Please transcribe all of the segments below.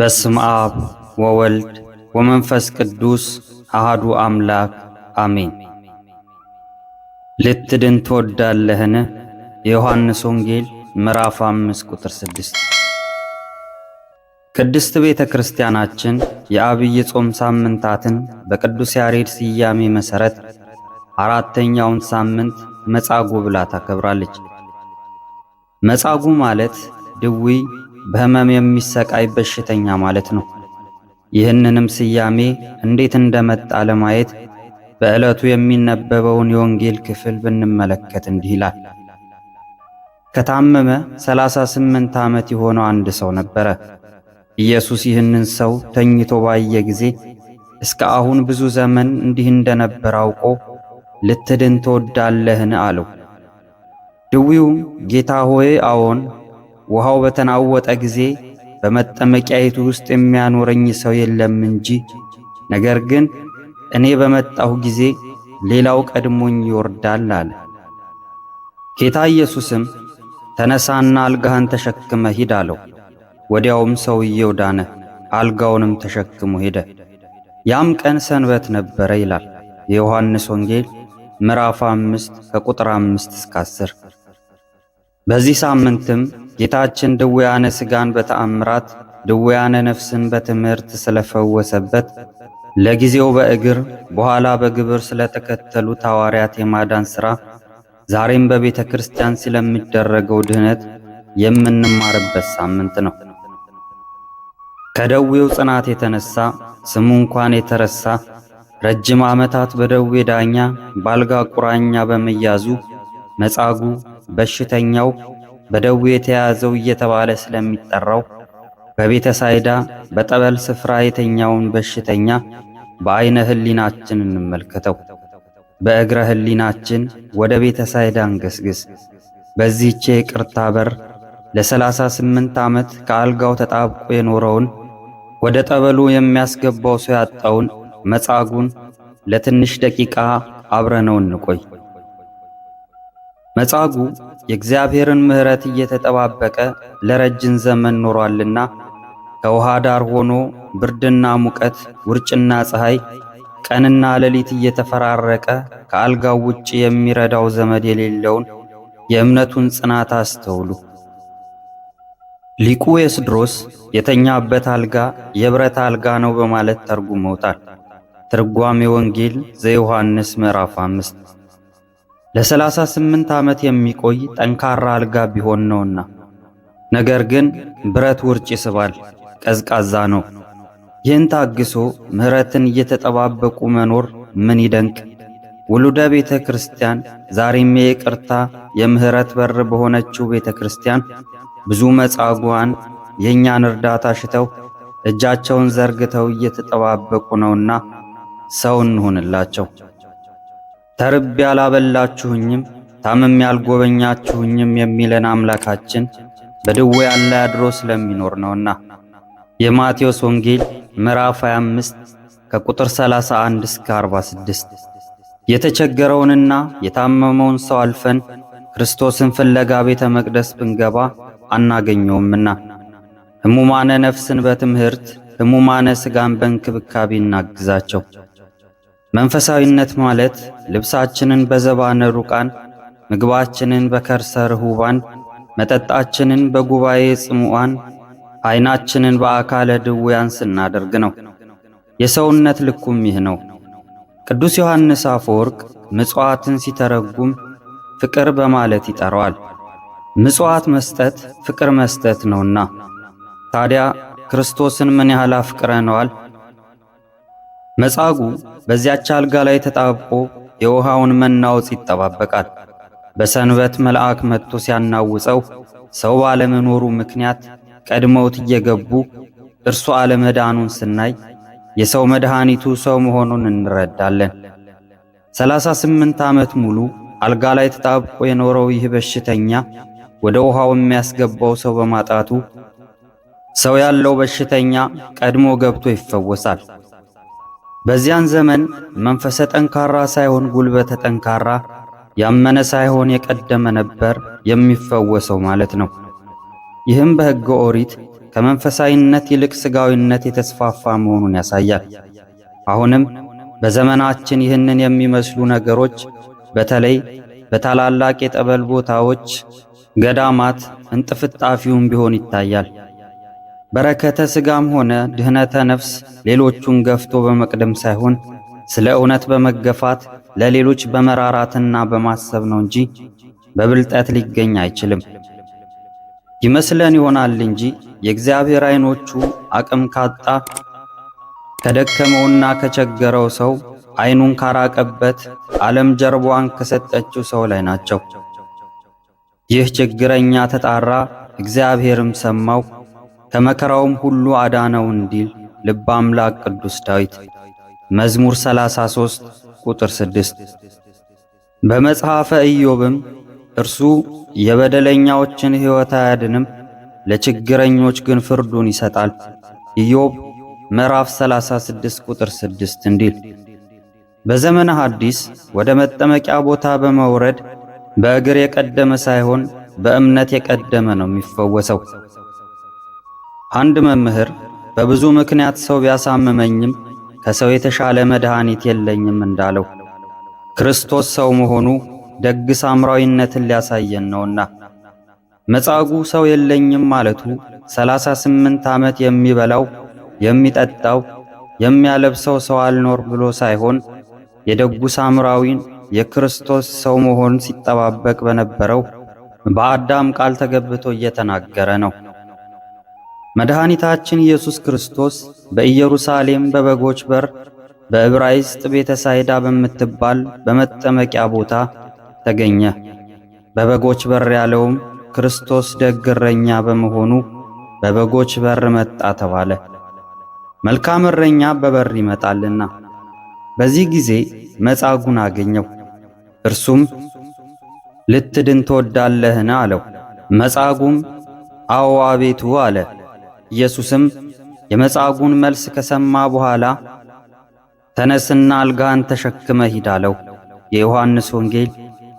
በስም አብ ወወልድ ወመንፈስ ቅዱስ አሃዱ አምላክ አሜን። ልትድን ትወዳለህን? የዮሐንስ ወንጌል ምዕራፍ 5 ቁጥር 6። ቅድስት ቤተ ክርስቲያናችን የአብይ ጾም ሳምንታትን በቅዱስ ያሬድ ስያሜ መሠረት አራተኛውን ሳምንት መጻጉ ብላ ታከብራለች። መጻጉ ማለት ድዊ በህመም የሚሰቃይ በሽተኛ ማለት ነው። ይህንንም ስያሜ እንዴት እንደመጣ ለማየት በዕለቱ የሚነበበውን የወንጌል ክፍል ብንመለከት እንዲህ ይላል። ከታመመ ሰላሳ ስምንት ዓመት የሆነው አንድ ሰው ነበረ። ኢየሱስ ይህንን ሰው ተኝቶ ባየ ጊዜ እስከ አሁን ብዙ ዘመን እንዲህ እንደነበር አውቆ ልትድን ትወዳለህን? አለው። ድዊውም ጌታ ሆይ አዎን ውሃው በተናወጠ ጊዜ በመጠመቂያይቱ ውስጥ የሚያኖረኝ ሰው የለም እንጂ፣ ነገር ግን እኔ በመጣሁ ጊዜ ሌላው ቀድሞኝ ይወርዳል አለ። ጌታ ኢየሱስም ተነሳና አልጋህን ተሸክመ ሂድ አለው። ወዲያውም ሰውየው ዳነ፣ አልጋውንም ተሸክሞ ሄደ። ያም ቀን ሰንበት ነበረ ይላል የዮሐንስ ወንጌል ምዕራፍ አምስት ከቁጥር አምስት እስከ አስር በዚህ ሳምንትም ጌታችን ድውያነ ሥጋን በተአምራት ድውያነ ነፍስን በትምህርት ስለፈወሰበት ለጊዜው በእግር በኋላ በግብር ስለተከተሉ ሐዋርያት የማዳን ሥራ ዛሬም በቤተ ክርስቲያን ስለሚደረገው ድህነት የምንማርበት ሳምንት ነው። ከደዌው ጽናት የተነሳ ስሙ እንኳን የተረሳ ረጅም ዓመታት በደዌ ዳኛ ባልጋ ቁራኛ በመያዙ መጻጉ በሽተኛው በደዌ የተያዘው እየተባለ ስለሚጠራው በቤተ ሳይዳ በጠበል ስፍራ የተኛውን በሽተኛ በአይነ ህሊናችን እንመልከተው። በእግረ ህሊናችን ወደ ቤተ ሳይዳ እንገስግስ። በዚህቼ ቅርታ በር ለሰላሳ ስምንት ዓመት ከአልጋው ተጣብቆ የኖረውን ወደ ጠበሉ የሚያስገባው ሰው ያጣውን መጻጉን ለትንሽ ደቂቃ አብረነው እንቆይ። መጻጉዕ የእግዚአብሔርን ምሕረት እየተጠባበቀ ለረጅም ዘመን ኖሯልና ከውሃ ዳር ሆኖ ብርድና ሙቀት፣ ውርጭና ፀሐይ፣ ቀንና ሌሊት እየተፈራረቀ ከአልጋው ውጭ የሚረዳው ዘመድ የሌለውን የእምነቱን ጽናት አስተውሉ። ሊቁ ኤስድሮስ የተኛበት አልጋ የብረት አልጋ ነው በማለት ተርጉመውታል። ትርጓሜ ወንጌል ዘዮሐንስ ምዕራፍ አምስት ለ38 ዓመት የሚቆይ ጠንካራ አልጋ ቢሆን ነውና፣ ነገር ግን ብረት ውርጭ ይስባል፣ ቀዝቃዛ ነው። ይህን ታግሶ ምሕረትን እየተጠባበቁ መኖር ምን ይደንቅ! ውሉደ ቤተ ክርስቲያን ዛሬም የይቅርታ የምሕረት በር በሆነችው ቤተ ክርስቲያን ብዙ መጻጉዓን የእኛን እርዳታ ሽተው እጃቸውን ዘርግተው እየተጠባበቁ ነውና ሰው እንሁንላቸው። ተርቤ ያላበላችሁኝም ታምም ያልጎበኛችሁኝም የሚለን አምላካችን በድውያን ላይ አድሮ ስለሚኖር ነውና የማቴዎስ ወንጌል ምዕራፍ 25 ከቁጥር 31 እስከ 46 የተቸገረውንና የታመመውን ሰው አልፈን ክርስቶስን ፍለጋ ቤተ መቅደስ ብንገባ አናገኘውምና ሕሙማነ ነፍስን በትምህርት ሕሙማነ ሥጋን በእንክብካቤ እናግዛቸው። መንፈሳዊነት ማለት ልብሳችንን በዘባነ ሩቃን፣ ምግባችንን በከርሰ ርሁባን፣ መጠጣችንን በጉባኤ ጽሙዋን አይናችንን በአካለ ድውያን ስናደርግ ነው። የሰውነት ልኩም ይህ ነው። ቅዱስ ዮሐንስ አፈወርቅ ምጽዋትን ሲተረጉም ፍቅር በማለት ይጠራዋል። ምጽዋት መስጠት ፍቅር መስጠት ነውና። ታዲያ ክርስቶስን ምን ያህል አፍቅረነዋል? መጻጉ በዚያች አልጋ ላይ ተጣብቆ የውሃውን መናወጽ ይጠባበቃል። በሰንበት መልአክ መጥቶ ሲያናውጸው ሰው ባለመኖሩ ምክንያት ቀድመውት እየገቡ እርሱ አለመዳኑን ስናይ የሰው መድኃኒቱ ሰው መሆኑን እንረዳለን። ሰላሳ ስምንት ዓመት ሙሉ አልጋ ላይ ተጣብቆ የኖረው ይህ በሽተኛ ወደ ውሃው የሚያስገባው ሰው በማጣቱ ሰው ያለው በሽተኛ ቀድሞ ገብቶ ይፈወሳል። በዚያን ዘመን መንፈሰ ጠንካራ ሳይሆን ጉልበተ ጠንካራ፣ ያመነ ሳይሆን የቀደመ ነበር የሚፈወሰው ማለት ነው። ይህም በሕገ ኦሪት ከመንፈሳዊነት ይልቅ ሥጋዊነት የተስፋፋ መሆኑን ያሳያል። አሁንም በዘመናችን ይህንን የሚመስሉ ነገሮች በተለይ በታላላቅ የጠበል ቦታዎች፣ ገዳማት እንጥፍጣፊውም ቢሆን ይታያል። በረከተ ሥጋም ሆነ ድህነተ ነፍስ ሌሎቹን ገፍቶ በመቅደም ሳይሆን ስለ እውነት በመገፋት ለሌሎች በመራራትና በማሰብ ነው እንጂ በብልጠት ሊገኝ አይችልም። ይመስለን ይሆናል እንጂ የእግዚአብሔር አይኖቹ አቅም ካጣ ከደከመውና ከቸገረው ሰው አይኑን ካራቀበት ዓለም ጀርቧን ከሰጠችው ሰው ላይ ናቸው። ይህ ችግረኛ ተጣራ፣ እግዚአብሔርም ሰማው ከመከራውም ሁሉ አዳነው እንዲል ልበ አምላክ ቅዱስ ዳዊት መዝሙር 33 ቁጥር 6። በመጽሐፈ ኢዮብም እርሱ የበደለኛዎችን ሕይወት አያድንም፣ ለችግረኞች ግን ፍርዱን ይሰጣል ኢዮብ ምዕራፍ 36 ቁጥር 6 እንዲል በዘመነ ሐዲስ ወደ መጠመቂያ ቦታ በመውረድ በእግር የቀደመ ሳይሆን በእምነት የቀደመ ነው የሚፈወሰው። አንድ መምህር በብዙ ምክንያት ሰው ቢያሳምመኝም ከሰው የተሻለ መድኃኒት የለኝም እንዳለው ክርስቶስ ሰው መሆኑ ደግ ሳምራዊነትን ሊያሳየን ነውና መጻጉ ሰው የለኝም ማለቱ ሰላሳ ስምንት ዓመት የሚበላው የሚጠጣው የሚያለብሰው ሰው አልኖር ብሎ ሳይሆን የደጉ ሳምራዊን የክርስቶስ ሰው መሆን ሲጠባበቅ በነበረው በአዳም ቃል ተገብቶ እየተናገረ ነው። መድኃኒታችን ኢየሱስ ክርስቶስ በኢየሩሳሌም በበጎች በር በዕብራይስጥ ቤተ ሳይዳ በምትባል በመጠመቂያ ቦታ ተገኘ። በበጎች በር ያለውም ክርስቶስ ደግ እረኛ በመሆኑ በበጎች በር መጣ ተባለ። መልካም እረኛ በበር ይመጣልና። በዚህ ጊዜ መጻጉን አገኘው። እርሱም ልትድን ትወዳለህን? አለው። መጻጉም አዎ አቤቱ አለ። ኢየሱስም የመጻጉን መልስ ከሰማ በኋላ ተነስና አልጋን ተሸክመ ሂድ አለው። የዮሐንስ ወንጌል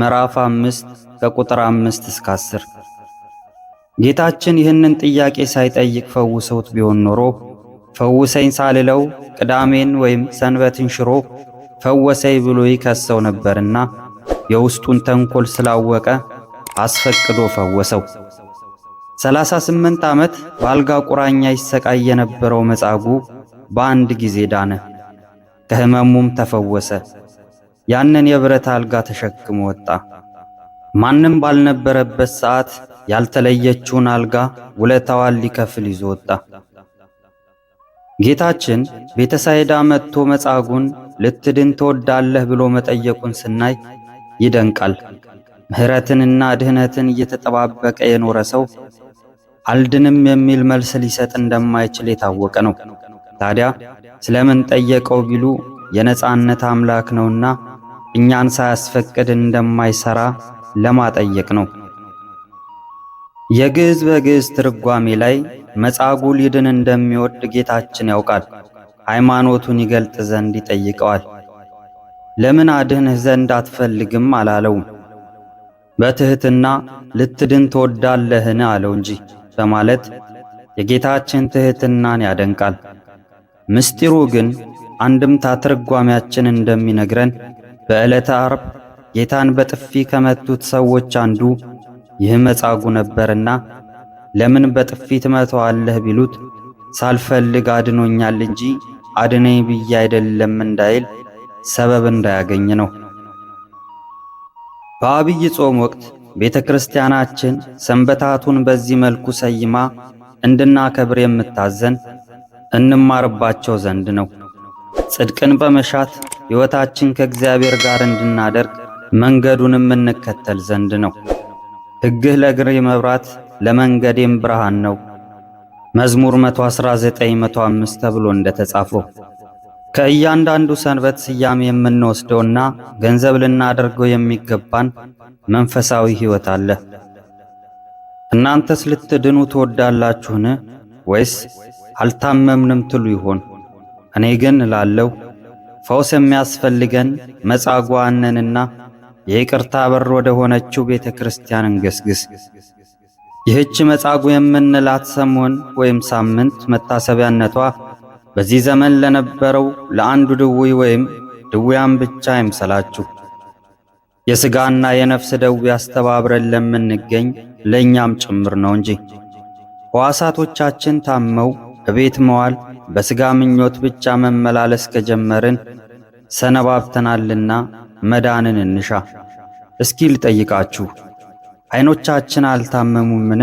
ምዕራፍ አምስት ከቁጥር አምስት እስከ አስር ጌታችን ይህንን ጥያቄ ሳይጠይቅ ፈውሰውት ቢሆን ኖሮ ፈውሰኝ ሳልለው ቅዳሜን ወይም ሰንበትን ሽሮ ፈወሰኝ ብሎ ይከሰው ነበርና የውስጡን ተንኮል ስላወቀ አስፈቅዶ ፈወሰው። 38 ዓመት በአልጋ ቁራኛ ይሰቃይ የነበረው መጻጉዕ በአንድ ጊዜ ዳነ፣ ከህመሙም ተፈወሰ። ያንን የብረት አልጋ ተሸክሞ ወጣ። ማንም ባልነበረበት ሰዓት ያልተለየችውን አልጋ ውለታዋን ሊከፍል ይዞ ወጣ። ጌታችን ቤተሳይዳ መጥቶ መጻጉዕን ልትድን ትወዳለህ ብሎ መጠየቁን ስናይ ይደንቃል። ምሕረትንና ድህነትን እየተጠባበቀ የኖረ ሰው አልድንም የሚል መልስ ሊሰጥ እንደማይችል የታወቀ ነው። ታዲያ ስለምን ጠየቀው ቢሉ የነጻነት አምላክ ነውና እኛን ሳያስፈቅድ እንደማይሰራ ለማጠየቅ ነው። የግዕዝ በግዕዝ ትርጓሜ ላይ መጻጉዕ ሊድን እንደሚወድ ጌታችን ያውቃል። ሃይማኖቱን ይገልጥ ዘንድ ይጠይቀዋል። ለምን አድህንህ ዘንድ አትፈልግም አላለውም። በትሕትና ልትድን ትወዳለህን አለው እንጂ በማለት የጌታችን ትሕትናን ያደንቃል። ምስጢሩ ግን አንድምታ ትርጓሚያችን እንደሚነግረን በዕለተ ዓርብ ጌታን በጥፊ ከመቱት ሰዎች አንዱ ይህ መጻጉ ነበርና ለምን በጥፊ ትመተዋለህ ቢሉት ሳልፈልግ አድኖኛል እንጂ አድነኝ ብዬ አይደለም እንዳይል ሰበብ እንዳያገኝ ነው። በአብይ ጾም ወቅት ቤተ ክርስቲያናችን ሰንበታቱን በዚህ መልኩ ሰይማ እንድናከብር የምታዘን እንማርባቸው ዘንድ ነው። ጽድቅን በመሻት ሕይወታችን ከእግዚአብሔር ጋር እንድናደርግ መንገዱንም እንከተል ዘንድ ነው። ሕግህ ለእግሬ መብራት ለመንገዴም ብርሃን ነው። መዝሙር 119 105 ተብሎ እንደተጻፈው ከእያንዳንዱ ሰንበት ስያሜ የምንወስደውና ገንዘብ ልናደርገው የሚገባን መንፈሳዊ ሕይወት አለ። እናንተስ ልትድኑ ትወዳላችሁን? ወይስ አልታመምንም ትሉ ይሆን? እኔ ግን እላለሁ ፈውስ የሚያስፈልገን መጻጓዕ የቅርታ የይቅርታ በር ወደ ሆነችው ቤተ ክርስቲያን እንገስግስ። ይህች መጻጉ የምንላት ሰሞን ወይም ሳምንት መታሰቢያነቷ በዚህ ዘመን ለነበረው ለአንዱ ድውይ ወይም ድውያን ብቻ አይምሰላችሁ። የሥጋና የነፍስ ደዌ አስተባብረን ለምንገኝ ለእኛም ጭምር ነው እንጂ ሕዋሳቶቻችን ታመው እቤት መዋል በሥጋ ምኞት ብቻ መመላለስ ከጀመርን ሰነባብተናልና መዳንን እንሻ። እስኪ ልጠይቃችሁ፣ ዐይኖቻችን አልታመሙምን?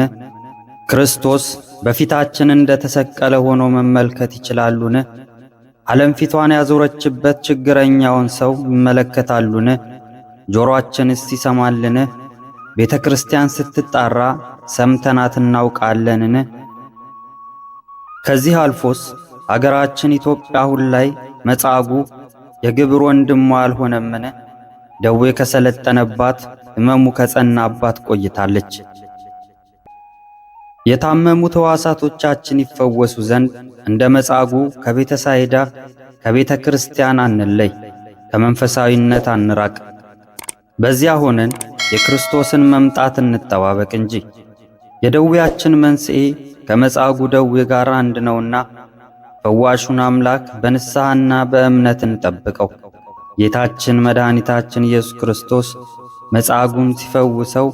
ክርስቶስ በፊታችን እንደ ተሰቀለ ሆኖ መመልከት ይችላሉን? ዓለም ፊቷን ያዞረችበት ችግረኛውን ሰው ይመለከታሉን? ጆሮአችንስ ይሰማልን? ቤተ ክርስቲያን ስትጣራ ሰምተናት እናውቃለንን? ከዚህ አልፎስ አገራችን ኢትዮጵያ አሁን ላይ መጻጉ የግብር ወንድሟ አልሆነምን? ደዌ ከሰለጠነባት ሕመሙ ከጸናባት ቆይታለች። የታመሙ ተዋሳቶቻችን ይፈወሱ ዘንድ እንደ መጻጉ ከቤተ ሳይዳ ከቤተ ክርስቲያን አንለይ፣ ከመንፈሳዊነት አንራቅ። በዚያ ሆነን የክርስቶስን መምጣት እንጠባበቅ እንጂ የደዌያችን መንስኤ ከመጻጉ ደዌ ጋር አንድ ነውና ፈዋሹን አምላክ በንስሐና በእምነት እንጠብቀው። ጌታችን መድኃኒታችን ኢየሱስ ክርስቶስ መጻጉን ሲፈውሰው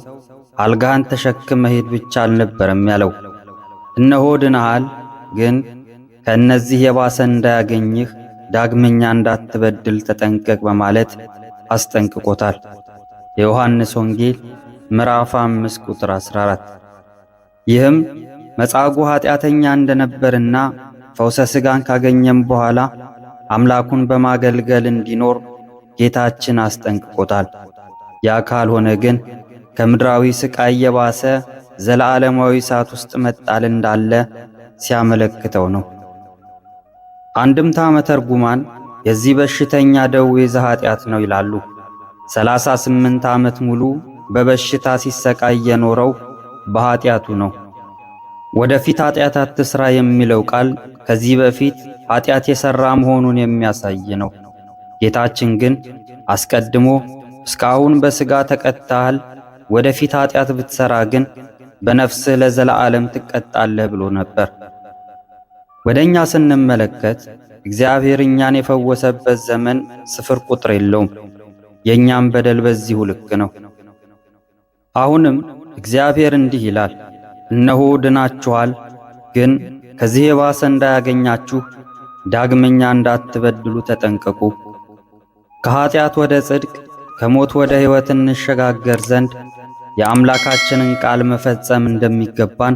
አልጋህን ተሸክም መሄድ ብቻ አልነበረም ያለው። እነሆ ድነሃል፣ ግን ከእነዚህ የባሰ እንዳያገኝህ ዳግመኛ እንዳትበድል ተጠንቀቅ በማለት አስጠንቅቆታል። የዮሐንስ ወንጌል ምዕራፍ 5 ቁጥር 14። ይህም መጻጉዕ ኀጢአተኛ እንደነበርና ፈውሰ ሥጋን ካገኘም በኋላ አምላኩን በማገልገል እንዲኖር ጌታችን አስጠንቅቆታል። ያ ካልሆነ ግን ከምድራዊ ስቃይ የባሰ ዘለዓለማዊ እሳት ውስጥ መጣል እንዳለ ሲያመለክተው ነው። አንድምታ መተርጉማን የዚህ በሽተኛ ደዌ ዘኃጢአት ነው ይላሉ። ሰላሳ ስምንት ዓመት ሙሉ በበሽታ ሲሰቃይ የኖረው በኃጢአቱ ነው። ወደፊት ኃጢአት አትስራ የሚለው ቃል ከዚህ በፊት ኃጢአት የሰራ መሆኑን የሚያሳይ ነው። ጌታችን ግን አስቀድሞ እስካሁን በስጋ ተቀጥተሃል ወደፊት ኃጢአት ብትሰራ ግን በነፍስህ ለዘላዓለም ትቀጣለህ ብሎ ነበር። ወደ እኛ ስንመለከት እግዚአብሔር እኛን የፈወሰበት ዘመን ስፍር ቁጥር የለውም። የእኛም በደል በዚሁ ልክ ነው። አሁንም እግዚአብሔር እንዲህ ይላል፣ እነሆ ድናችኋል፣ ግን ከዚህ የባሰ እንዳያገኛችሁ ዳግመኛ እንዳትበድሉ ተጠንቀቁ። ከኀጢአት ወደ ጽድቅ ከሞት ወደ ሕይወት እንሸጋገር ዘንድ የአምላካችንን ቃል መፈጸም እንደሚገባን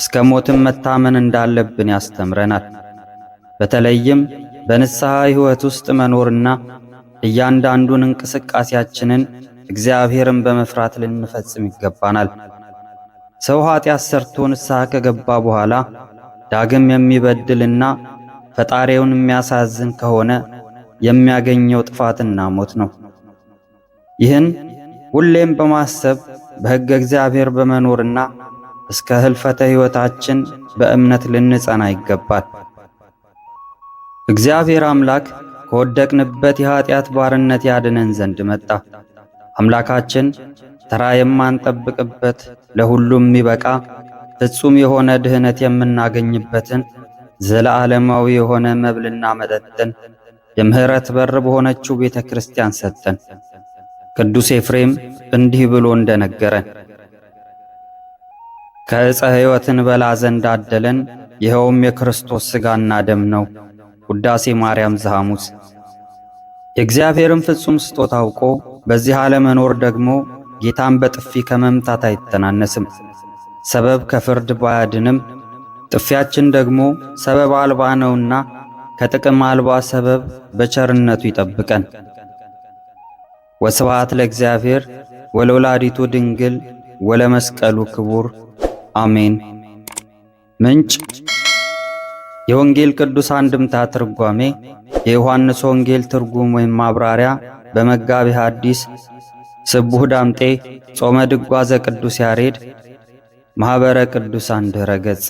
እስከ ሞትም መታመን እንዳለብን ያስተምረናል። በተለይም በንስሐ ሕይወት ውስጥ መኖርና እያንዳንዱን እንቅስቃሴያችንን እግዚአብሔርን በመፍራት ልንፈጽም ይገባናል። ሰው ኃጢአት ሰርቶ ንስሐ ከገባ በኋላ ዳግም የሚበድልና ፈጣሪውን የሚያሳዝን ከሆነ የሚያገኘው ጥፋትና ሞት ነው። ይህን ሁሌም በማሰብ በሕገ እግዚአብሔር በመኖርና እስከ ህልፈተ ሕይወታችን በእምነት ልንጸና ይገባል። እግዚአብሔር አምላክ ከወደቅንበት የኀጢአት ባርነት ያድነን ዘንድ መጣ። አምላካችን ተራ የማንጠብቅበት ለሁሉም የሚበቃ ፍጹም የሆነ ድኅነት የምናገኝበትን ዘለዓለማዊ የሆነ መብልና መጠጥን የምሕረት በር በሆነችው ቤተ ክርስቲያን ሰጠን። ቅዱስ ኤፍሬም እንዲህ ብሎ እንደነገረን ከዕፀ ሕይወትን በላ ዘንድ አደለን፣ ይኸውም የክርስቶስ ሥጋና ደም ነው። ውዳሴ ማርያም ዘሐሙስ። የእግዚአብሔርን ፍጹም ስጦታ አውቆ በዚህ አለመኖር ደግሞ ጌታን በጥፊ ከመምታት አይተናነስም። ሰበብ ከፍርድ ባያድንም ጥፊያችን ደግሞ ሰበብ አልባ ነውና ከጥቅም አልባ ሰበብ በቸርነቱ ይጠብቀን። ወስብሐት ለእግዚአብሔር ወለወላዲቱ ድንግል ወለመስቀሉ ክቡር አሜን። ምንጭ የወንጌል ቅዱስ አንድምታ ትርጓሜ የዮሐንስ ወንጌል ትርጉም ወይም ማብራሪያ በመጋቢ ሐዲስ ስቡህ ዳምጤ ጾመ ድጓዘ ቅዱስ ያሬድ ማኅበረ ቅዱሳን ድረ ገጽ